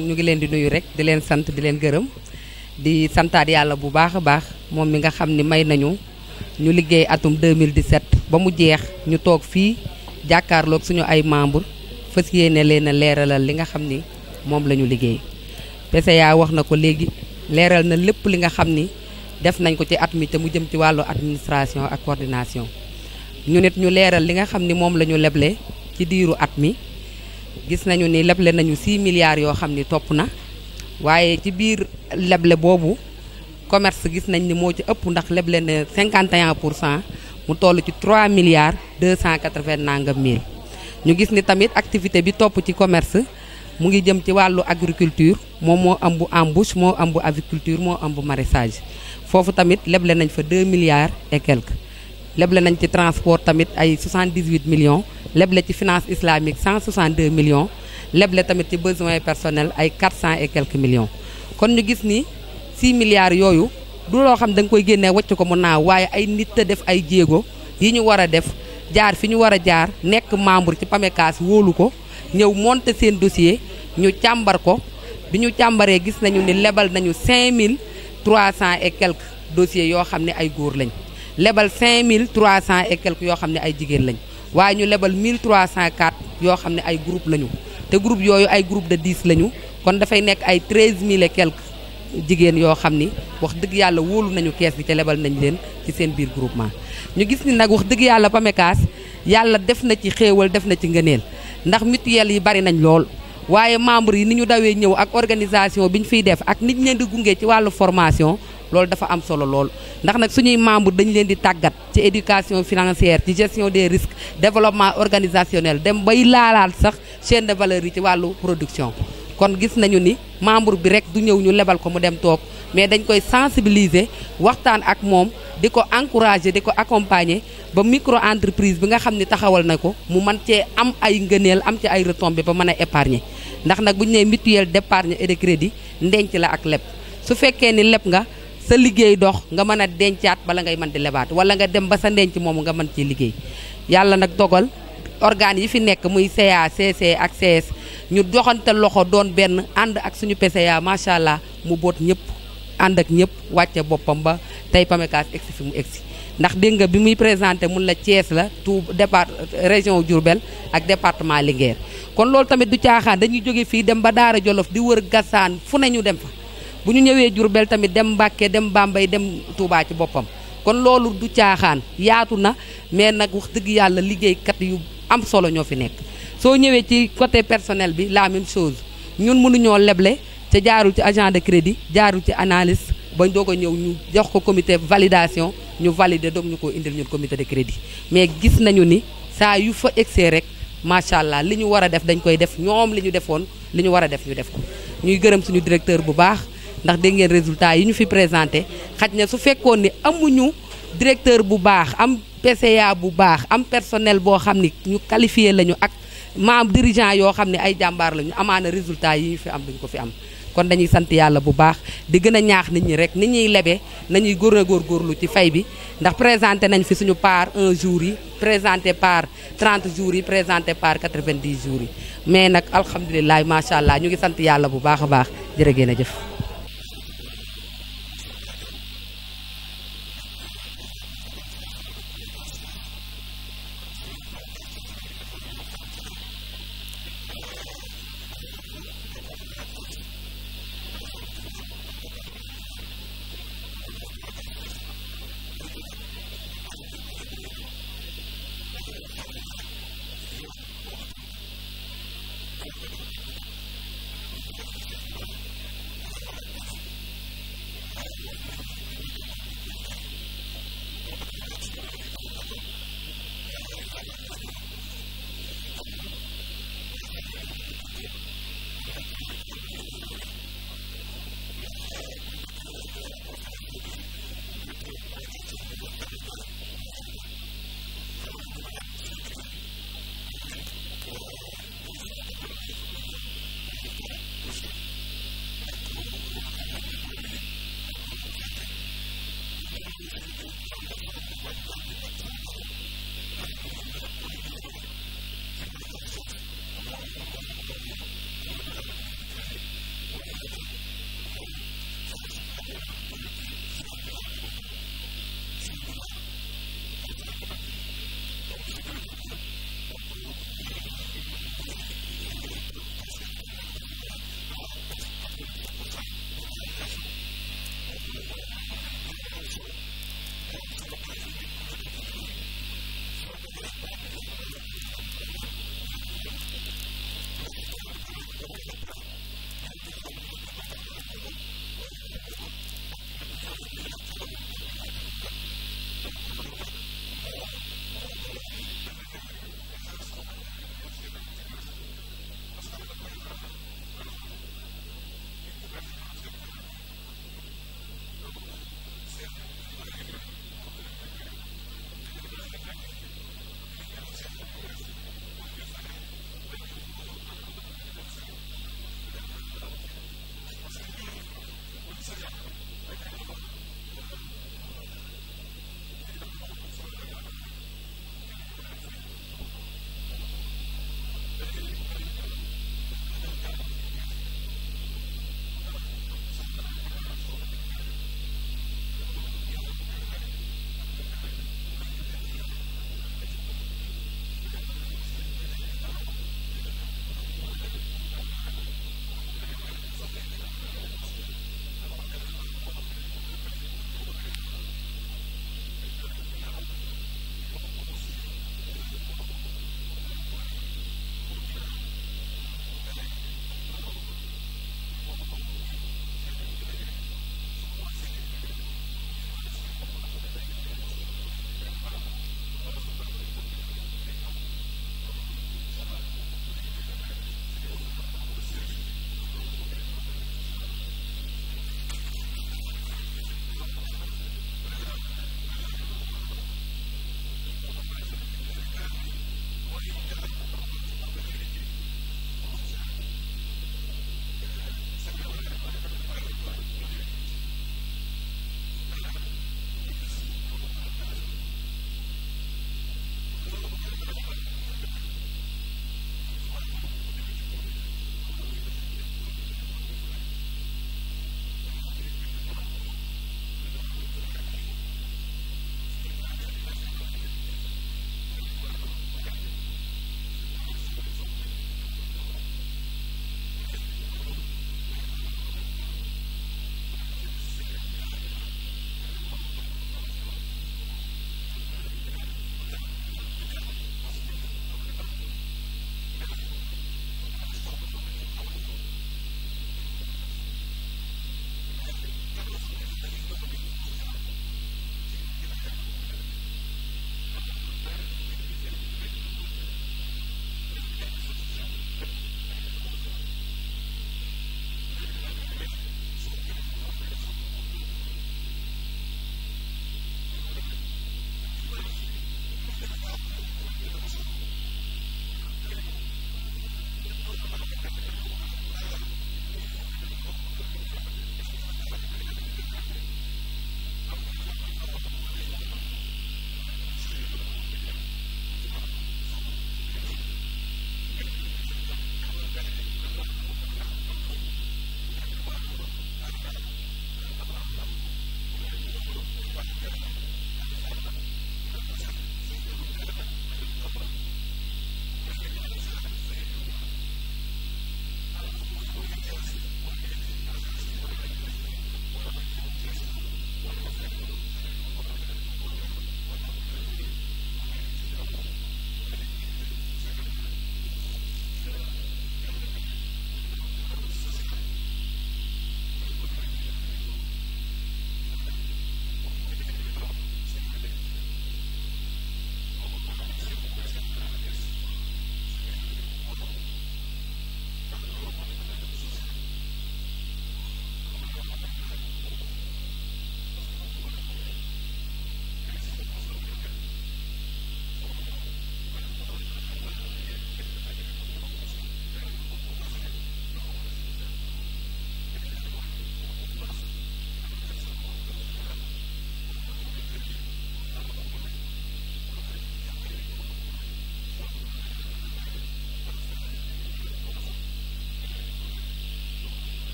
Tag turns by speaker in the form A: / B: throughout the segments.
A: ñu ngi leen di nuyu rek di leen sant di leen gërëm di santaat yàlla bu baax a baax moom mi nga xam ni may nañu ñu liggéey atum 2017 ba mu jeex ñu toog fii jàkkaarloog suñu ay membre fas yéene leen a leeralal li nga xam ni moom la ñu liggéey PCA wax na ko léegi leeral na lépp li nga xam ni def nañ ko ci at mi te mu jëm ci wàllu administration ak coordination ñu nit ñu leeral li nga xam ni moom la ci diiru at gis nañu ni leble nañu 6 milliards yoo xam ni topp na waaye ci biir leble boobu commerce gis nañ ni moo ci ëpp ndax leble na 51 pour cent mu toll ci 3 milliards 280 nangam mille. ñu gis ni tamit activité bi topp ci commerce mu ngi jëm ci wàllu agriculture moom moo ëmb embouche moo ëmb aviculture moo ëmb maraîchage foofu tamit leble nañ fa 2 milliards et quelques. leble nañ ci transport tamit ay 78 millions leble ci finance islamique 162 millions leble tamit ci besoin personnel ay 400 et quelques millions kon ñu gis ni 6 milliards yooyu du loo xam dañ koy génnee wacc ko mu naaw waaye ay nit te def ay jéego yi ñu war a def jaar fi ñu war a jaar nekk membre ci PAMECAS wóolu ko ñëw monter seen dossier ñu càmbar ko bi ñu càmbaree gis nañu ni lebal nañu 5300 et quelques dossiers yoo xam ne ay góor lañ lebal 5300 et quelques yoo xam ne ay jigéen lañ waaye ñu lebal cent 1304 yoo xam ne ay groupe lañu te groupe yooyu ay groupe de 10 lañu kon dafay nekk ay 13000 et quelques jigéen yoo xam ni wax dëgg yàlla wóolu nañu kees bi te lebal nañ leen ci seen biir groupement ñu gis ni nag wax dëgg yàlla PAMECAS yàlla def na ci xéewal def na ci ngëneel ndax mutuelle yi bari nañ lool waaye membre yi ni ñu dawee ñëw ak organisation bi ñu fiy def ak nit leen di gunge ci wàllu formation loolu dafa am solo lool ndax nag suñuy membre dañ leen di tàggat ci éducation financière ci gestion des risques développement organisationnel dem bay laalaal sax chaîne de valeur yi ci wàllu production kon gis nañu ni membre bi rek du ñëw ñu lebal ko mu dem toog mais dañ koy sensibiliser waxtaan ak moom di ko encourager di ko accompagner ba micro entreprise bi nga xam ni taxawal na ko mu mën cee am ay ngëneel am ci ay bi ba mën a épargner ndax nag bu ñu nee mutuelle d'épargne et de crédit ndenc la ak leb su fekkee ni leb nga. sa liggéey dox nga mën a dencaat bala ngay mën di lebaat wala nga dem ba sa ndenc moomu nga mën ci liggéey yàlla nag dogal organes yi fi nekk muy CA CC ak CS ñu doxante loxo doon benn ànd ak suñu PCA macha allah mu boot ñëpp ànd ak ñëpp wàcce boppam ba tey PAMECAS egsi fi mu egsi ndax dégg nga bi muy présenté mun la cees la tout départ région Diourbel ak département Linguère kon loolu tamit du caaxaan dañuy jóge fii dem ba Daara Jolof di wër gasaan fu ne ñu dem bu ñu ñëwee Diourbel tamit dem Mbàkke dem Bambey dem Touba ci boppam kon loolu du caaxaan yaatu na mais nag wax dëgg yàlla liggéeykat yu am solo ñoo fi nekk soo ñëwee ci côté personnel bi la même chose ñun mënuñoo leble te jaarul ci agent de crédit jaarul ci analyste ba doog ko ñëw ñu jox ko comité validation ñu valider doog ñu ko indil ñun comité de crédit mais gis nañu ni saa yu fa egsee rek macha allah li ñu war a def dañ koy def ñoom li ñu defoon li ñu war a def ñu def ko ñuy gërëm suñu directeur bu baax ndax dégg ngeen résultat yi ñu fi présenté xaj na su fekkoon ni amuñu directeur bu baax am PCA bu baax am personnel boo xam ni ñu qualifié lañu ak membre dirigeant yoo xam ne ay jàmbaar lañu amaana résultat yi ñu fi am duñ ko fi am kon dañuy sant yàlla bu baax di gën a ñaax nit ñi rek nit ñuy lebee nañuy góor a góorgóorlu ci fay bi ndax présenté nañ fi suñu par un jour yi présenté par 30 jours yi présenté par 90 jours yi mais nag alhamdulilah macha allah ñu ngi sant yàlla bu baax a baax jërë a jëf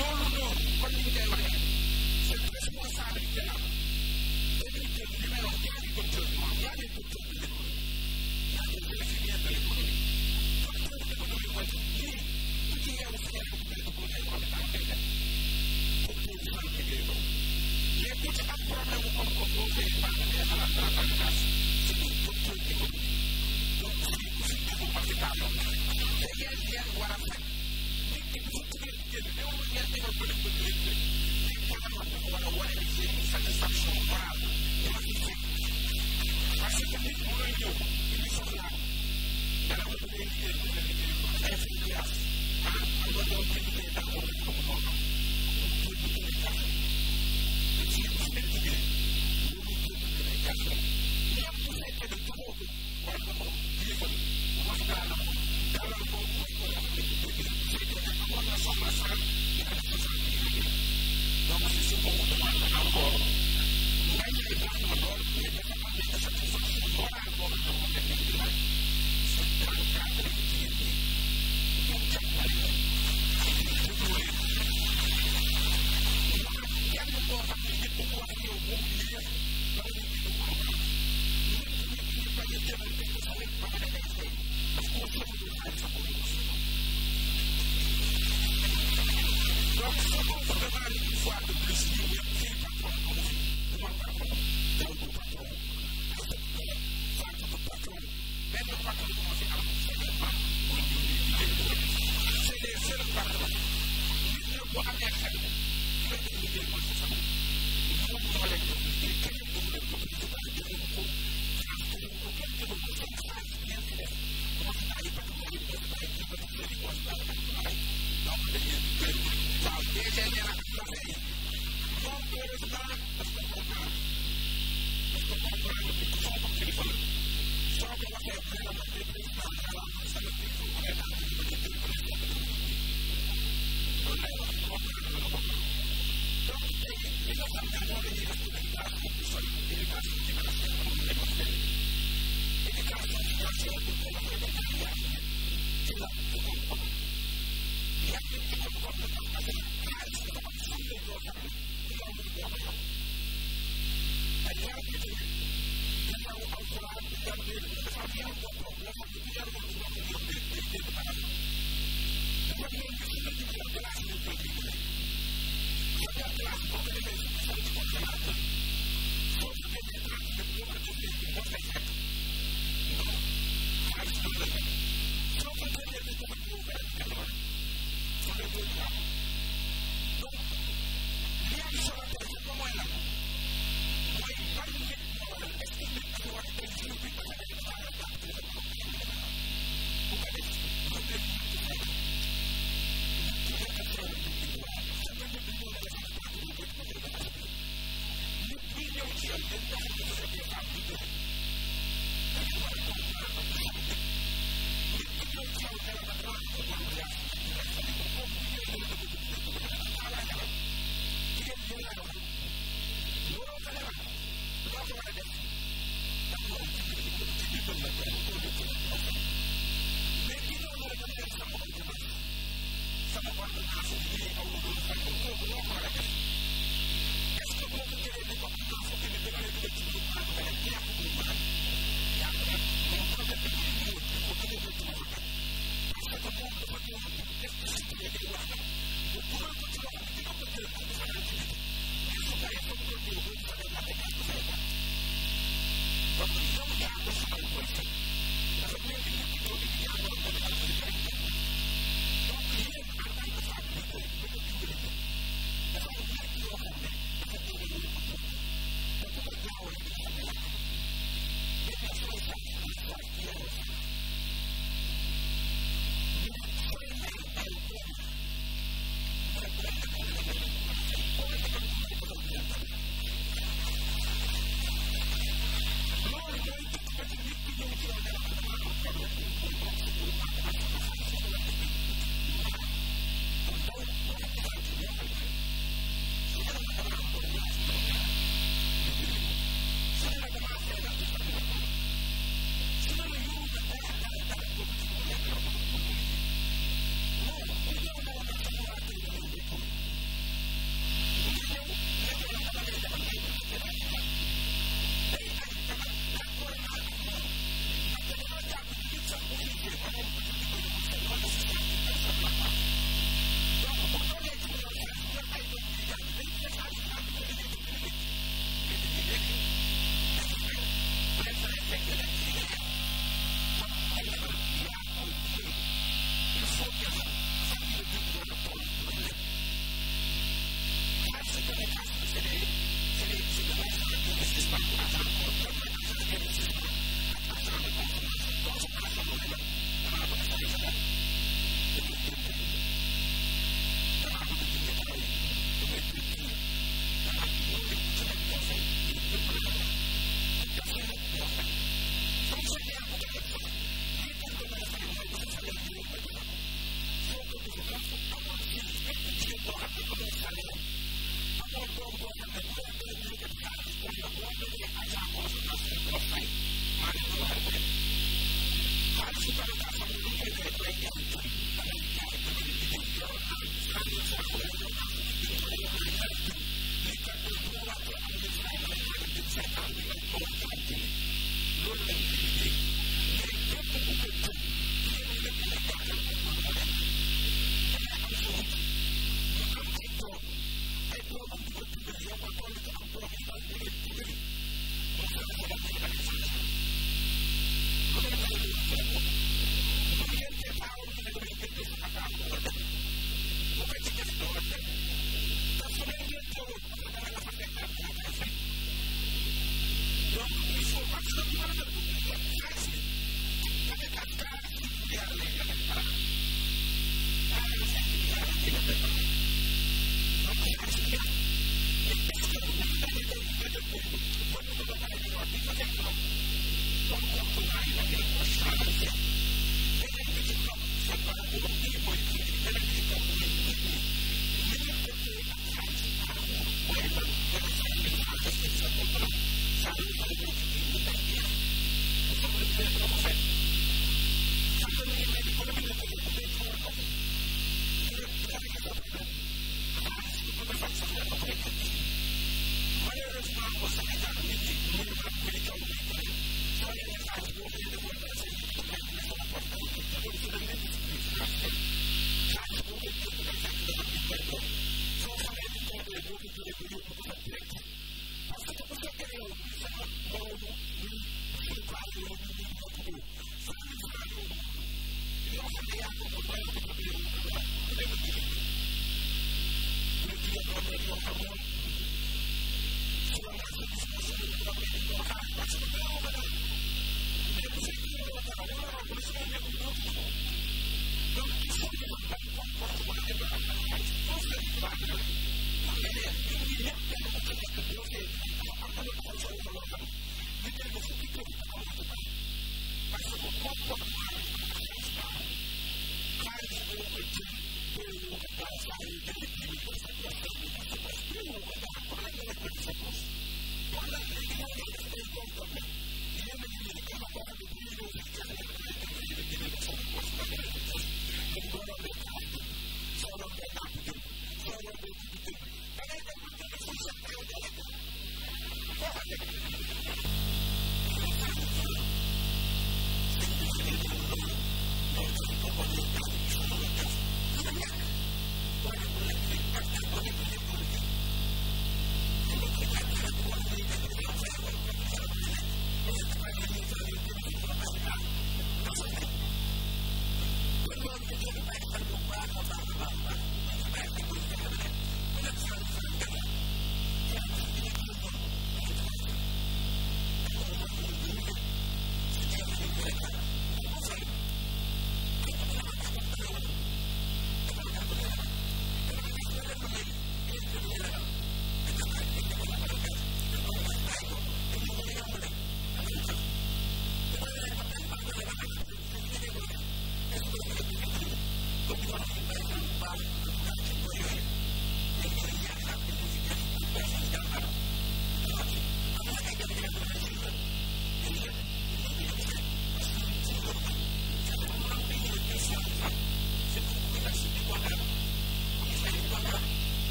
B: Yo no, no, con mi interés. Se puso a saber que la Gracias. Thank you.